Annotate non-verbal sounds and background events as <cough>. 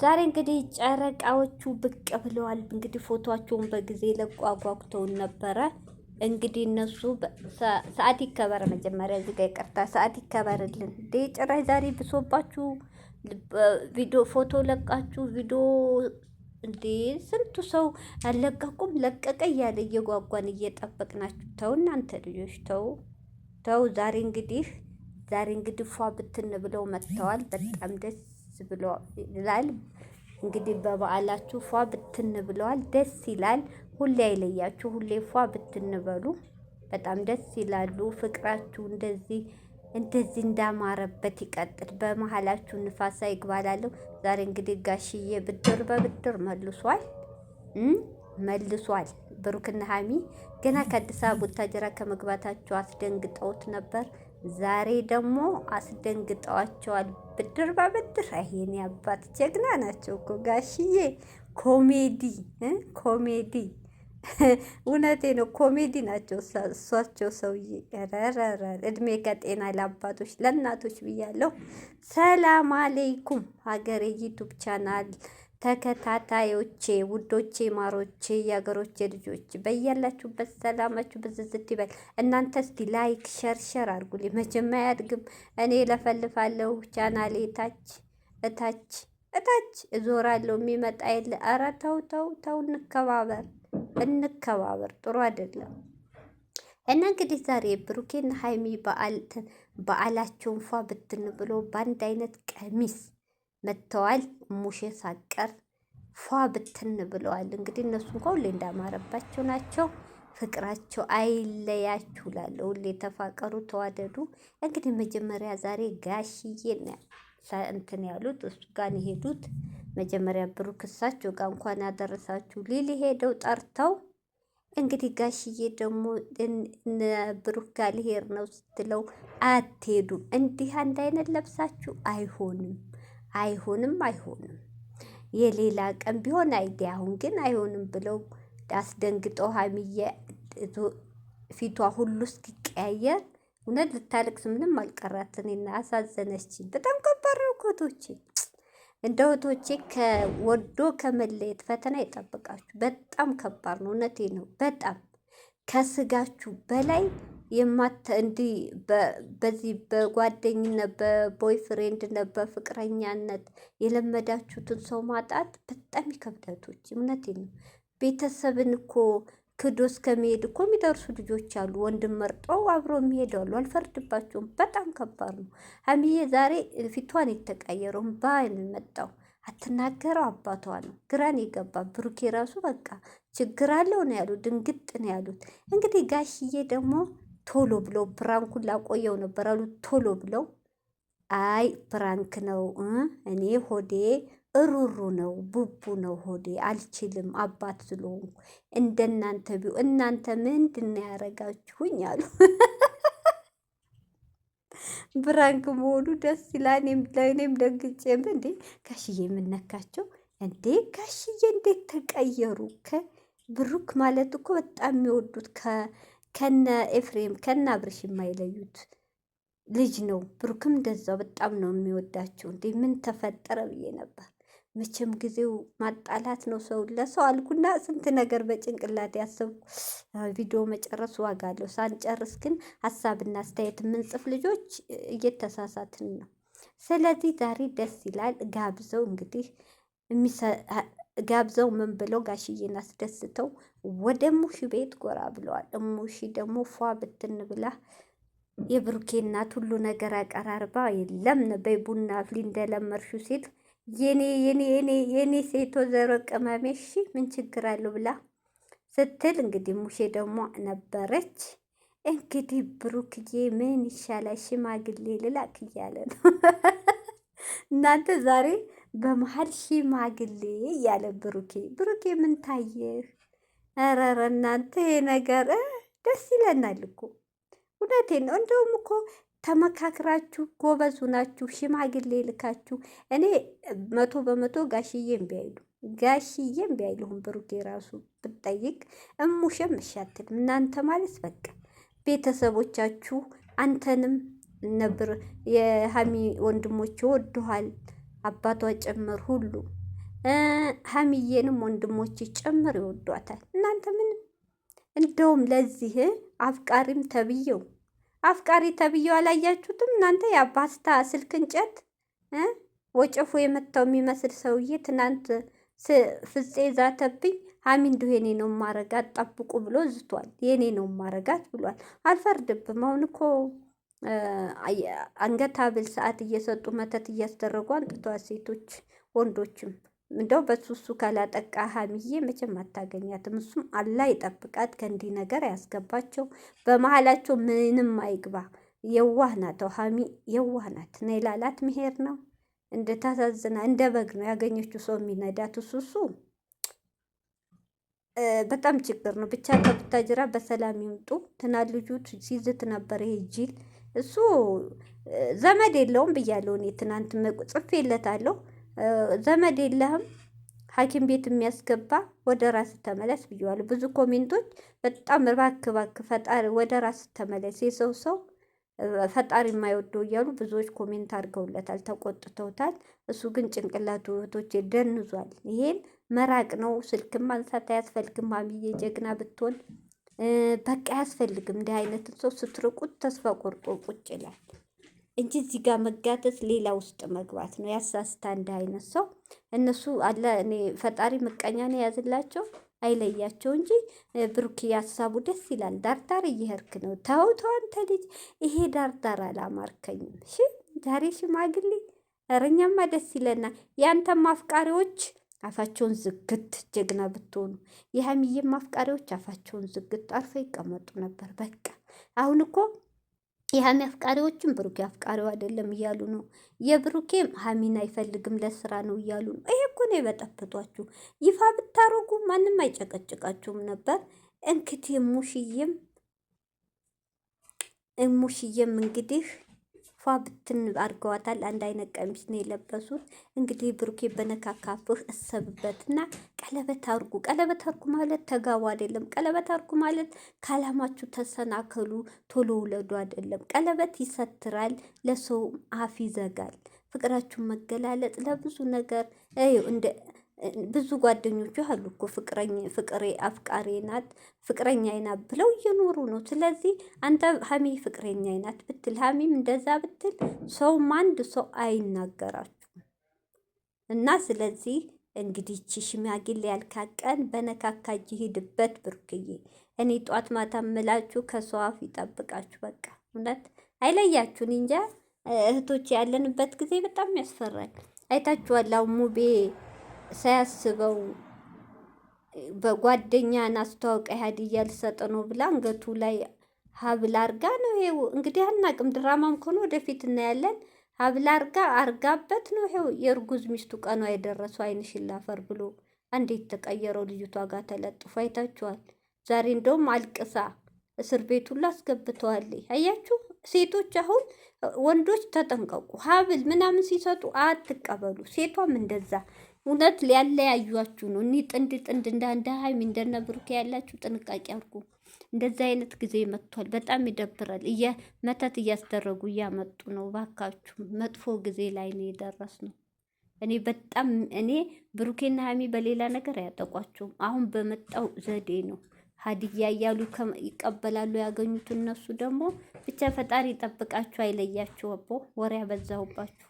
ዛሬ እንግዲህ ጨረቃዎቹ ብቅ ብለዋል። እንግዲህ ፎቶቸውን በጊዜ ለቆ ነበረ። እንግዲህ እነሱ ሰዓት ይከበር፣ መጀመሪያ እዚህ ጋር ይቅርታ፣ ሰዓት ይከበርልን። እንደ ጭራሽ ዛሬ ብሶባችሁ ቪዲዮ ፎቶ ለቃችሁ ቪዲዮ እንዴ ስንቱ ሰው አለቀቁም ለቀቀ እያለ እየጓጓን እየጠበቅናችሁ። ተው እናንተ ልጆች ተው ተው። ዛሬ እንግዲህ ዛሬ እንግዲህ ፏ ብትን ብለው መጥተዋል። በጣም ደስ ደስ ይላል። እንግዲህ በበዓላችሁ ፏ ብትን ብለዋል። ደስ ይላል። ሁሌ አይለያችሁ። ሁሌ ፏ ብትን በሉ። በጣም ደስ ይላሉ። ፍቅራችሁ እንደዚህ እንደዚህ እንዳማረበት ይቀጥል። በመሀላችሁ ንፋሳ ይግባላለሁ። ዛሬ እንግዲህ ጋሽዬ ብድር በብድር መልሷል መልሷል። ብሩክና ሀሚ ገና ከአዲስ አበባ ቡታጀራ ከመግባታቸው አስደንግጠውት ነበር። ዛሬ ደግሞ አስደንግጠዋቸዋል። ብድር ባበድር አይሄን አባት ጀግና ናቸው እኮ ጋሽዬ። ኮሜዲ ኮሜዲ እውነቴ ነው። ኮሜዲ ናቸው እሷቸው ሰውዬ። ረረረ እድሜ ከጤና ለአባቶች ለእናቶች ብያለሁ። ሰላም አሌይኩም ሀገሬ ዩቱብ ቻናል ተከታታዮቼ ውዶቼ ማሮቼ የአገሮቼ ልጆች በያላችሁበት ሰላማችሁ ብዝዝት ይበል። እናንተ እስቲ ላይክ ሸር ሸር አድርጉልኝ። መቼም አያድግም። እኔ ለፈልፋለሁ። ቻናሌ ታች እታች እታች እዞራለሁ። የሚመጣ የለ። ኧረ ተው ተው ተው፣ እንከባበር እንከባበር። ጥሩ አይደለም። እና እንግዲህ ዛሬ ብሩኬን ሀይሚ በዓላቸውን ፏ ብትን ብሎ በአንድ አይነት ቀሚስ መጥተዋል። ሙሽ ሳቀር ፏ ብትን ብለዋል። እንግዲህ እነሱ እንኳ ሁሌ እንዳማረባቸው ናቸው። ፍቅራቸው አይለያችሁ እላለሁ። ሁሌ ተፋቀሩ፣ ተዋደዱ። እንግዲህ መጀመሪያ ዛሬ ጋሽዬ እንትን ያሉት እሱ ጋር የሄዱት መጀመሪያ ብሩክ እሳቸው ጋር እንኳን ያደረሳችሁ ሊል ሄደው ጠርተው እንግዲህ ጋሽዬ ደግሞ ብሩክ ጋር ነው ስትለው አትሄዱም፣ እንዲህ አንድ አይነት ለብሳችሁ አይሆንም አይሆንም አይሆንም የሌላ ቀን ቢሆን አይዲ አሁን ግን አይሆንም ብለው አስደንግጠው ሀይሚዬ ፊቷ ሁሉ እስኪቀያየር እውነት ልታለቅስ ምንም አልቀራትን አልቀራትንና አሳዘነች። በጣም ከባድ ነው እህቶቼ። እንደ እህቶቼ ከወዶ ከመለየት ፈተና ይጠብቃችሁ። በጣም ከባድ ነው። እውነቴ ነው። በጣም ከስጋችሁ በላይ የማት እንዲህ በዚህ በጓደኝነት በቦይፍሬንድነት በፍቅረኛነት የለመዳችሁትን ሰው ማጣት በጣም ይከብዳቶች። እምነት ነው። ቤተሰብን እኮ ክዶ እስከሚሄድ እኮ የሚደርሱ ልጆች አሉ። ወንድም መርጦ አብሮ የሚሄዱ አሉ። አልፈርድባቸውም። በጣም ከባድ ነው። ሀሚዬ ዛሬ ፊቷን የተቀየረው ባ መጣው አትናገረው አባቷ ነው። ግራን የገባ ብሩኬ ራሱ በቃ ችግር አለው ነው ያሉት። ድንግጥ ነው ያሉት። እንግዲህ ጋሽዬ ደግሞ ቶሎ ብለው ፕራንኩን ላቆየው ነበር አሉ። ቶሎ ብለው አይ ፕራንክ ነው፣ እኔ ሆዴ እሩሩ ነው፣ ቡቡ ነው ሆዴ፣ አልችልም አባት ስለሆንኩ እንደናንተ ቢ እናንተ ምንድን ያረጋችሁኝ አሉ። ብራንክ <laughs> መሆኑ ደስ ይላል። እኔም ደግጬ እንዴ ጋሽዬ የምነካቸው እንዴ ጋሽዬ እንዴት ተቀየሩ። ከብሩክ ማለት እኮ በጣም የሚወዱት ከ ከነ ኤፍሬም ከነ አብርሽ የማይለዩት ልጅ ነው። ብሩክም እንደዛው በጣም ነው የሚወዳቸው። እንዴ ምን ተፈጠረ ብዬ ነበር። መቼም ጊዜው ማጣላት ነው። ሰው ለሰው አልኩና ስንት ነገር በጭንቅላት ያሰብኩ። ቪዲዮ መጨረስ ዋጋ አለው። ሳንጨርስ ግን ሀሳብና አስተያየት የምንጽፍ ልጆች እየተሳሳትን ነው። ስለዚህ ዛሬ ደስ ይላል። ጋብዘው እንግዲህ ጋብዘው ምን ብለው ጋሽዬን አስደስተው ወደ ሙሽ ቤት ጎራ ብለዋል። እሙሺ ደግሞ ፏ ብትን ብላ የብሩኬ እናት ሁሉ ነገር አቀራርባ የለም ነበይ ቡና ፍሊ እንደለመርሹ ሲል የኔ የኔ የኔ የኔ ሴቶ ዘሮ ቅመሜ እሺ ምን ችግር አለው ብላ ስትል እንግዲህ ሙሼ ደግሞ ነበረች። እንግዲህ ብሩክዬ ምን ይሻላል ሽማግሌ ልላክ እያለ ነው <laughs> እናንተ ዛሬ በመሀል ሽማግሌ እያለ ብሩኬ ብሩኬ ምን ታየህ? ኧረ ኧረ እናንተ ይሄ ነገር ደስ ይለናል እኮ እውነቴ ነው። እንደውም እኮ ተመካክራችሁ ጎበዙ ናችሁ። ሽማግሌ ልካችሁ እኔ መቶ በመቶ ጋሽዬም ቢያይሉ ጋሽዬም ቢያይልሁም ብሩኬ ራሱ ብጠይቅ እሙሸም እሻትል እናንተ ማለት በቃ ቤተሰቦቻችሁ አንተንም ነብር የሀሚ ወንድሞች ወድኋል አባቷ ጭምር ሁሉ ሀሚዬንም ወንድሞች ጭምር ይወዷታል። እናንተ ምንም እንደውም ለዚህ አፍቃሪም ተብዬው አፍቃሪ ተብዬው አላያችሁትም እናንተ የአባስታ ስልክ እንጨት ወጨፎ የመታው የሚመስል ሰውዬ ትናንት ፍፄ ዛተብኝ ሀሚ እንዲሁ የኔ ነው ማረጋት ጠብቁ ብሎ ዝቷል። የኔ ነው ማረጋት ብሏል። አልፈርድብም። አሁን እኮ አንገት ሀብል ሰዓት እየሰጡ መተት እያስደረጉ አንጥቷ ሴቶች ወንዶችም እንደው በሱ እሱ ካላጠቃ ሀሚዬ መቼም አታገኛትም። እሱም አላህ ይጠብቃት፣ ከእንዲህ ነገር ያስገባቸው፣ በመሀላቸው ምንም አይግባ። የዋህ ናት ሀሚ፣ የዋህ ናት። ነይ ላላት መሄድ ነው። እንደ ታሳዝና እንደ በግ ነው ያገኘችው ሰው የሚነዳት። እሱ እሱ በጣም ችግር ነው። ብቻ ከብታጅራ በሰላም ይምጡ ትናል። ልጁ ሲዝት ነበር ይሄ ጅል እሱ ዘመድ የለውም ብያለሁ። እኔ ትናንት ጽፌለታለሁ። ዘመድ የለህም ሐኪም ቤት የሚያስገባ ወደ ራስ ተመለስ ብየዋለሁ። ብዙ ኮሜንቶች በጣም እባክህ እባክህ ፈጣሪ ወደ ራስ ተመለስ፣ የሰው ሰው ፈጣሪ የማይወደው እያሉ ብዙዎች ኮሜንት አድርገውለታል፣ ተቆጥተውታል። እሱ ግን ጭንቅላቱ እህቶቼ ደንዟል። ይሄን መራቅ ነው። ስልክም ማንሳት አያስፈልግም። አብዬ ጀግና ብትሆን በቃ አያስፈልግም። እንዲህ አይነትን ሰው ስትርቁት ተስፋ ቆርጦ ቁጭ ይላል እንጂ እዚህ ጋር መጋተት ሌላ ውስጥ መግባት ነው፣ ያሳስታ። እንዲህ አይነት ሰው እነሱ አለ እኔ ፈጣሪ ምቀኛ ነው የያዝላቸው አይለያቸው እንጂ ብሩክ ያሳቡ ደስ ይላል። ዳርዳር እየሄድክ ነው። ተው ተው አንተ ልጅ፣ ይሄ ዳርዳር አላማርከኝም። ዛሬ ሽማግሌ እረኛማ ደስ ይለናል። ያንተም አፍቃሪዎች አፋቸውን ዝግት ጀግና ብትሆኑ የሀይሚዬም አፍቃሪዎች አፋቸውን ዝግት አርፈው ይቀመጡ ነበር። በቃ አሁን እኮ የሀሚ አፍቃሪዎችም ብሩኬ አፍቃሪው አይደለም እያሉ ነው። የብሩኬም ሀሚን አይፈልግም ለስራ ነው እያሉ ነው። ይሄ እኮ ነው የበጠበጧችሁ። ይፋ ብታረጉ ማንም አይጨቀጭቃችሁም ነበር። እንግዲህ ሙሽዬም ሙሽዬም እንግዲህ ፏ ብትን አድርገዋታል። አንድ አይነት ቀሚስ ነው የለበሱት። እንግዲህ ብሩኬ በነካካፍህ እና ቀለበት አርጉ። ቀለበት አርጉ ማለት ተጋቡ አይደለም። ቀለበት አርጉ ማለት ካላማችሁ ተሰናከሉ፣ ቶሎ ውለዱ አይደለም። ቀለበት ይሰትራል፣ ለሰው አፍ ይዘጋል። ፍቅራችሁን መገላለጥ ለብዙ ነገር እንደ ብዙ ጓደኞቹ አሉ እኮ ፍቅሬ አፍቃሬ ናት ፍቅረኛ ናት ብለው እየኖሩ ነው። ስለዚህ አንተ ሀሚ ፍቅረኛ ናት ብትል ሀሚም እንደዛ ብትል ሰውም አንድ ሰው አይናገራችሁም። እና ስለዚህ እንግዲህ ቺ ሽማግሌ ያልካቀን በነካካ ሂድበት ብርክዬ። እኔ ጧት ማታ ምላችሁ ከሰው አፍ ይጠብቃችሁ። በቃ እውነት አይለያችሁን። እንጃ እህቶች ያለንበት ጊዜ በጣም ያስፈራል። አይታችኋል ሙቤ ሳያስበው በጓደኛን አስተዋውቃ ሃዲያ እያልሰጠ ነው ብላ አንገቱ ላይ ሀብል አርጋ ነው። ይሄው እንግዲህ አናቅም፣ ድራማም ከሆነ ወደፊት እናያለን። ሀብል አርጋ አርጋበት ነው። ይሄው የእርጉዝ ሚስቱ ቀኗ የደረሰው አይን ላፈር ብሎ እንዴት ተቀየረው ልጅቷ ጋር ተለጥፎ አይታችኋል። ዛሬ እንደውም አልቅሳ እስር ቤት ሁሉ አስገብተዋል። አያችሁ ሴቶች፣ አሁን ወንዶች ተጠንቀቁ። ሀብል ምናምን ሲሰጡ አትቀበሉ። ሴቷም እንደዛ እውነት ሊያለያዩችሁ ነው። እኒ ጥንድ ጥንድ እንደ እንደ ሀይሚ እንደነ ብሩኬ ያላችሁ ጥንቃቄ አድርጉ። እንደዚህ አይነት ጊዜ መጥቷል። በጣም ይደብራል። መተት እያስደረጉ እያመጡ ነው። ባካችሁ መጥፎ ጊዜ ላይ ነው የደረስ ነው። እኔ በጣም እኔ ብሩኬና ሀሚ በሌላ ነገር አያጠቋቸውም። አሁን በመጣው ዘዴ ነው ሀዲያ እያሉ ይቀበላሉ ያገኙት። እነሱ ደግሞ ብቻ ፈጣሪ ጠብቃችሁ አይለያችሁ። አቦ ወሬ ያበዛሁባችሁ።